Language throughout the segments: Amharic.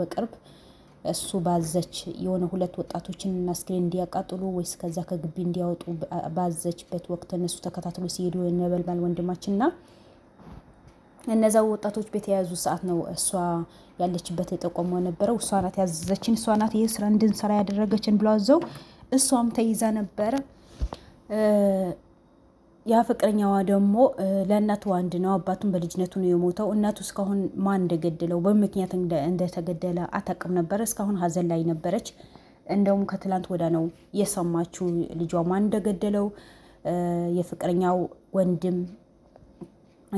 በቅርብ እሱ ባዘች የሆነ ሁለት ወጣቶችን አስክሬን እንዲያቃጥሉ ወይስ ከዛ ከግቢ እንዲያወጡ ባዘችበት ወቅት እነሱ ተከታትሎ ሲሄዱ ነበልባል ወንድማችን ና እነዛ ወጣቶች በተያያዙ ሰዓት ነው እሷ ያለችበት የጠቆመው ነበረው። እሷ ናት ያዘዘችን፣ እሷ ናት ይህ ስራ እንድንሰራ ያደረገችን ብለው አዘው እሷም ተይዛ ነበረ። ያ ፍቅረኛዋ ደግሞ ለእናቱ አንድ ነው፣ አባቱን በልጅነቱ ነው የሞተው። እናቱ እስካሁን ማን እንደገደለው በምክንያት እንደተገደለ አታውቅም ነበረ። እስካሁን ሀዘን ላይ ነበረች። እንደውም ከትላንት ወዳ ነው የሰማችው ልጇ ማን እንደገደለው የፍቅረኛው ወንድም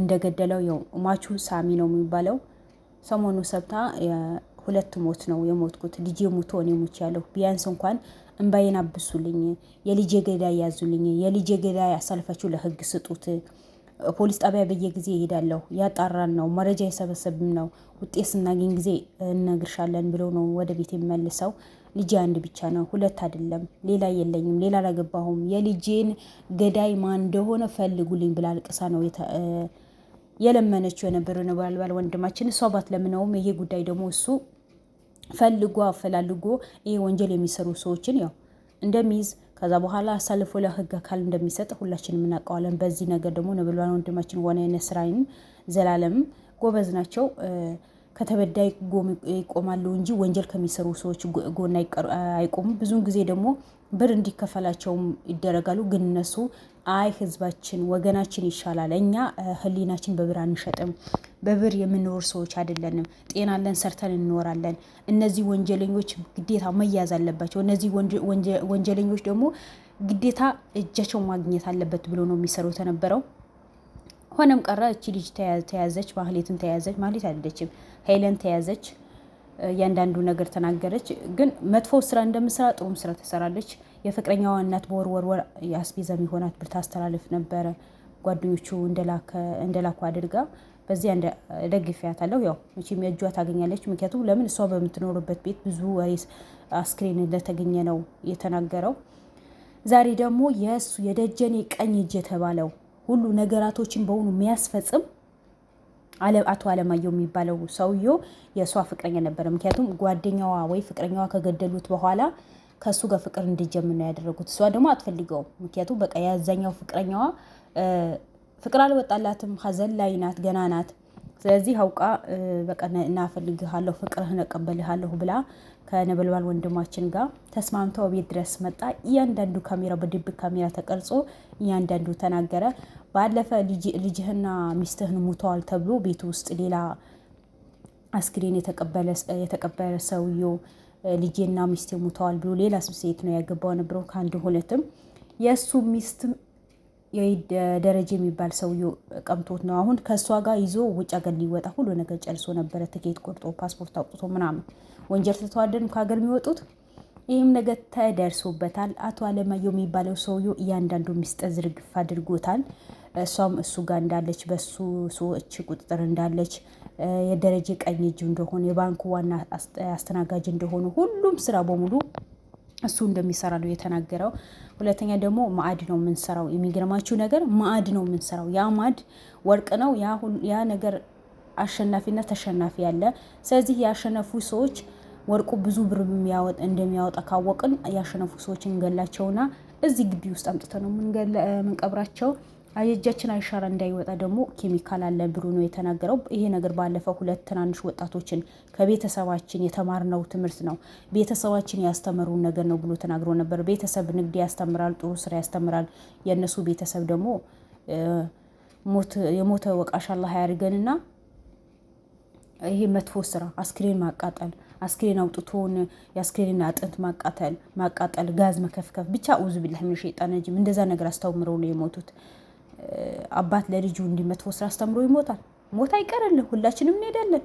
እንደገደለው። ው ማቹ ሳሚ ነው የሚባለው። ሰሞኑ ሰብታ ሁለት ሞት ነው የሞትኩት ልጅ ሙቶ እኔ ሙች ያለሁ ቢያንስ እንኳን እንባዬን አብሱልኝ፣ የልጄ ገዳይ ያዙልኝ፣ የልጄ ገዳይ አሳልፋችሁ ለህግ ስጡት። ፖሊስ ጣቢያ በየጊዜ ይሄዳለሁ፣ ያጣራን ነው መረጃ የሰበሰብም ነው ውጤት ስናገኝ ጊዜ እነግርሻለን ብለው ነው ወደ ቤት የመልሰው። ልጄ አንድ ብቻ ነው፣ ሁለት አይደለም፣ ሌላ የለኝም፣ ሌላ አላገባሁም፣ የልጄን ገዳይ ማን እንደሆነ ፈልጉልኝ ብላ አልቅሳ ነው የለመነችው የነበረ ነው ባልባል ወንድማችን። እሷ ባትለምነውም ይሄ ጉዳይ ደግሞ እሱ ፈልጎ አፈላልጎ ይሄ ወንጀል የሚሰሩ ሰዎችን ያው እንደሚይዝ ከዛ በኋላ አሳልፎ ለህግ አካል እንደሚሰጥ ሁላችንም እናውቀዋለን። በዚህ ነገር ደግሞ ነብሏን ወንድማችን ሆነ የነስራይን ዘላለም ጎበዝ ናቸው። ከተበዳይ ጎን ይቆማሉ እንጂ ወንጀል ከሚሰሩ ሰዎች ጎን አይቆሙም። ብዙን ጊዜ ደግሞ ብር እንዲከፈላቸውም ይደረጋሉ። ግን እነሱ አይ ህዝባችን፣ ወገናችን ይሻላል፣ እኛ ህሊናችን በብር አንሸጥም፣ በብር የምንኖር ሰዎች አይደለንም፣ ጤናለን፣ ሰርተን እንኖራለን። እነዚህ ወንጀለኞች ግዴታ መያዝ አለባቸው። እነዚህ ወንጀለኞች ደግሞ ግዴታ እጃቸው ማግኘት አለበት ብሎ ነው የሚሰሩ የነበረው። ሆነም ቀረ እቺ ልጅ ተያዘች፣ ማህሌትን ተያዘች። ማህሌት አይደለችም ሄለን ተያዘች። እያንዳንዱ ነገር ተናገረች። ግን መጥፎ ስራ እንደምስራ ጥሩም ስራ ትሰራለች። የፍቅረኛዋ እናት ወር የአስቤዛ የሚሆናት ብር ታስተላልፍ ነበረ ጓደኞቹ እንደላኩ አድርጋ በዚህ ደግፊያታለሁ። ያው መቼም የእጇ ታገኛለች። ምክንያቱም ለምን እሷ በምትኖርበት ቤት ብዙ ወሬ አስክሬን እንደተገኘ ነው የተናገረው። ዛሬ ደግሞ የእሱ የደጀኔ ቀኝ እጅ የተባለው ሁሉ ነገራቶችን በሆኑ የሚያስፈጽም አቶ አለማየሁ የሚባለው ሰውየ የእሷ ፍቅረኛ ነበረ። ምክንያቱም ጓደኛዋ ወይ ፍቅረኛዋ ከገደሉት በኋላ ከእሱ ጋር ፍቅር እንዲጀምር ነው ያደረጉት። እሷ ደግሞ አትፈልገውም። ምክንያቱም በቃ የዛኛው ፍቅረኛዋ ፍቅር አልወጣላትም፣ ሀዘን ላይ ናት፣ ገና ናት። ስለዚህ አውቃ በቃ እናፈልግሃለሁ፣ ፍቅርህን እቀበልሃለሁ ብላ ከነበልባል ወንድማችን ጋር ተስማምተው ቤት ድረስ መጣ። እያንዳንዱ ካሜራ በድብቅ ካሜራ ተቀርጾ እያንዳንዱ ተናገረ። ባለፈ ልጅህና ሚስትህን ሙተዋል ተብሎ ቤት ውስጥ ሌላ አስክሬን የተቀበለ ሰውዮ ልጄና ሚስቴ ሙተዋል ብሎ ሌላ ሴት ነው ያገባው ነበረው ከአንድ ሁለትም የእሱ ሚስትም ደረጀ የሚባል ሰውዬው ቀምቶት ነው። አሁን ከእሷ ጋር ይዞ ውጭ ሀገር ሊወጣ ሁሉ ነገር ጨርሶ ነበረ። ትኬት ቆርጦ ፓስፖርት አውጥቶ ምናምን ወንጀል ተተዋደን ከሀገር የሚወጡት ይህም ነገር ተደርሶበታል። አቶ አለማየሁ የሚባለው ሰውዬው እያንዳንዱ ሚስጥር ዝርግፍ አድርጎታል። እሷም እሱ ጋር እንዳለች በሱ ሰዎች ቁጥጥር እንዳለች የደረጀ ቀኝ እጁ እንደሆነ የባንኩ ዋና አስተናጋጅ እንደሆነ ሁሉም ስራ በሙሉ እሱ እንደሚሰራ ነው የተናገረው። ሁለተኛ ደግሞ ማዕድ ነው የምንሰራው። የሚገርማችሁ ነገር ማዕድ ነው የምንሰራው። ያ ማዕድ ወርቅ ነው። ያ ነገር አሸናፊና ተሸናፊ ያለ። ስለዚህ ያሸነፉ ሰዎች ወርቁ ብዙ ብር እንደሚያወጣ ካወቅን ያሸነፉ ሰዎች እንገላቸውና እዚህ ግቢ ውስጥ አምጥተ ነው የምንቀብራቸው። እጃችን አሻራ እንዳይወጣ ደግሞ ኬሚካል አለ ብሎ ነው የተናገረው። ይሄ ነገር ባለፈው ሁለት ትናንሽ ወጣቶችን ከቤተሰባችን የተማርነው ትምህርት ነው፣ ቤተሰባችን ያስተመሩን ነገር ነው ብሎ ተናግሮ ነበር። ቤተሰብ ንግድ ያስተምራል፣ ጥሩ ስራ ያስተምራል። የእነሱ ቤተሰብ ደግሞ የሞተ ወቃሽ አላህ ያድርገንና ይሄ መጥፎ ስራ አስክሬን ማቃጠል አስክሬን አውጥቶን የአስክሬን አጥንት ማቃጠል ማቃጠል፣ ጋዝ መከፍከፍ ብቻ ኡዙ ቢላህ ሚን ሸይጣን እንደዛ ነገር አስተምረው ነው የሞቱት። አባት ለልጁ እንዲመጥፎ ስራ አስተምሮ ይሞታል። ሞት አይቀርልን፣ ሁላችንም እንሄዳለን።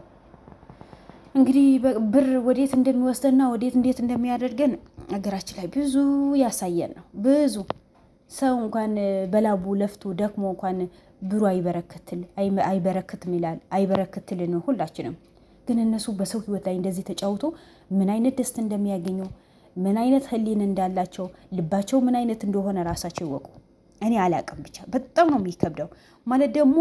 እንግዲህ ብር ወዴት እንደሚወስደና ወዴት እንዴት እንደሚያደርገን ነገራችን ላይ ብዙ ያሳየን ነው። ብዙ ሰው እንኳን በላቡ ለፍቶ ደክሞ እንኳን ብሩ አይበረክትል አይበረክትም ይላል። አይበረክትልን ሁላችንም። ግን እነሱ በሰው ህይወት ላይ እንደዚህ ተጫውቶ ምን አይነት ደስት እንደሚያገኙ ምን አይነት ህሊን እንዳላቸው ልባቸው ምን አይነት እንደሆነ ራሳቸው ይወቁ። እኔ አላቅም ብቻ በጣም ነው የሚከብደው። ማለት ደግሞ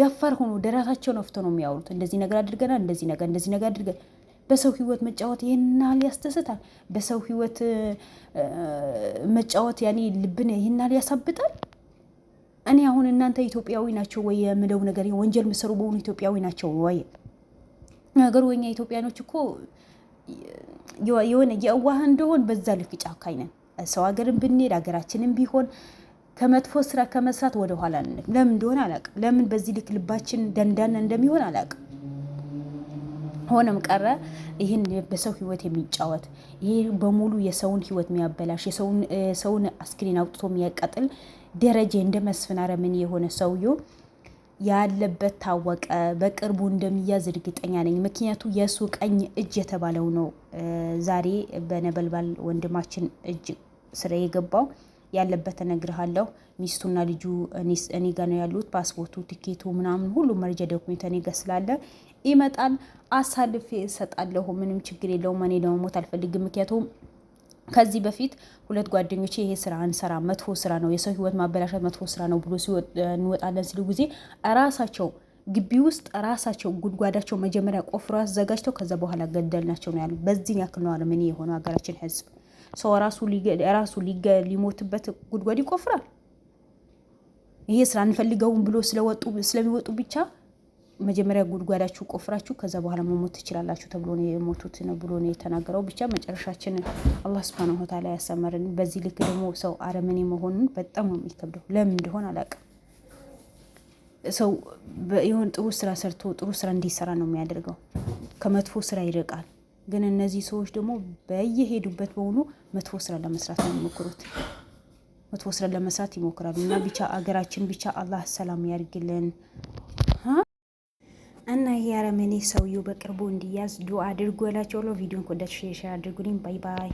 ደፋር ሆኖ ደራሳቸውን ነፍቶ ነው የሚያወሩት። እንደዚህ ነገር አድርገናል፣ እንደዚህ ነገር እንደዚህ ነገር አድርገን በሰው ህይወት መጫወት ይህን ያህል ያስደስታል። በሰው ህይወት መጫወት ያኔ ልብን ይህን ያህል ያሳብጣል። እኔ አሁን እናንተ ኢትዮጵያዊ ናቸው ወይ የምለው ነገር ወንጀል ምሰሩ በሆኑ ኢትዮጵያዊ ናቸው ወይ ነገሩ? ወኛ ኢትዮጵያኖች እኮ የሆነ የእዋህ እንደሆን በዛ ልክ ጫካኝ ነን። ሰው ሀገርን ብንሄድ ሀገራችንም ቢሆን ከመጥፎ ስራ ከመስራት ወደኋላ ነን። ለምን እንደሆነ አላቅ። ለምን በዚህ ልክ ልባችን ደንዳና እንደሚሆን አላቅ። ሆነም ቀረ ይህን በሰው ህይወት የሚጫወት ይሄ በሙሉ የሰውን ህይወት የሚያበላሽ የሰውን አስክሬን አውጥቶ የሚያቃጥል ደረጀ እንደ መስፍን አረምን የሆነ ሰውዬው ያለበት ታወቀ። በቅርቡ እንደሚያዝ እርግጠኛ ነኝ። ምክንያቱ የእሱ ቀኝ እጅ የተባለው ነው ዛሬ በነበልባል ወንድማችን እጅ ስራ የገባው ያለበት እነግርሃለሁ። ሚስቱና ልጁ እኔ ጋ ነው ያሉት። ፓስፖርቱ፣ ቲኬቱ ምናምን ሁሉ መረጃ ዶክሜንት እኔ ጋ ስላለ ይመጣል፣ አሳልፌ እሰጣለሁ። ምንም ችግር የለውም። እኔ ለመሞት አልፈልግም። ምክንያቱም ከዚህ በፊት ሁለት ጓደኞች ይሄ ስራ አንሰራ መጥፎ ስራ ነው፣ የሰው ህይወት ማበላሸት መጥፎ ስራ ነው ብሎ እንወጣለን ሲሉ ጊዜ ራሳቸው ግቢ ውስጥ ራሳቸው ጉድጓዳቸው መጀመሪያ ቆፍሮ አዘጋጅተው ከዛ በኋላ ገደልናቸው ነው ያሉ። በዚህ ያክል ነው አለም የሆነው ሀገራችን ህዝብ ሰው ራሱ ሊሞትበት ጉድጓድ ይቆፍራል። ይሄ ስራ አንፈልገውም ብሎ ስለወጡ ስለሚወጡ ብቻ መጀመሪያ ጉድጓዳችሁ ቆፍራችሁ ከዛ በኋላ መሞት ትችላላችሁ ተብሎ ነው የሞቱት ነው ብሎ ነው የተናገረው። ብቻ መጨረሻችን አላህ ስብሐነሁ ወተዓላ ያሰመርን። በዚህ ልክ ደግሞ ሰው አረመኔ መሆኑን በጣም ነው የሚከብደው። ለምን እንደሆን አላውቅም። ሰው የሆን ጥሩ ስራ ሰርቶ ጥሩ ስራ እንዲሰራ ነው የሚያደርገው። ከመጥፎ ስራ ይርቃል። ግን እነዚህ ሰዎች ደግሞ በየሄዱበት በሆኑ መጥፎ ስራ ለመስራት ነው የሚሞክሩት። መጥፎ ስራ ለመስራት ይሞክራሉ። እና ብቻ አገራችን ብቻ አላህ ሰላም ያድርግልን እና ይሄ አረመኔ ሰውየው በቅርቡ እንዲያዝ ዱአ አድርጉ እላቸዋለሁ። ቪዲዮን ኮዳችሁ ሼር አድርጉልኝ። ባይ ባይ።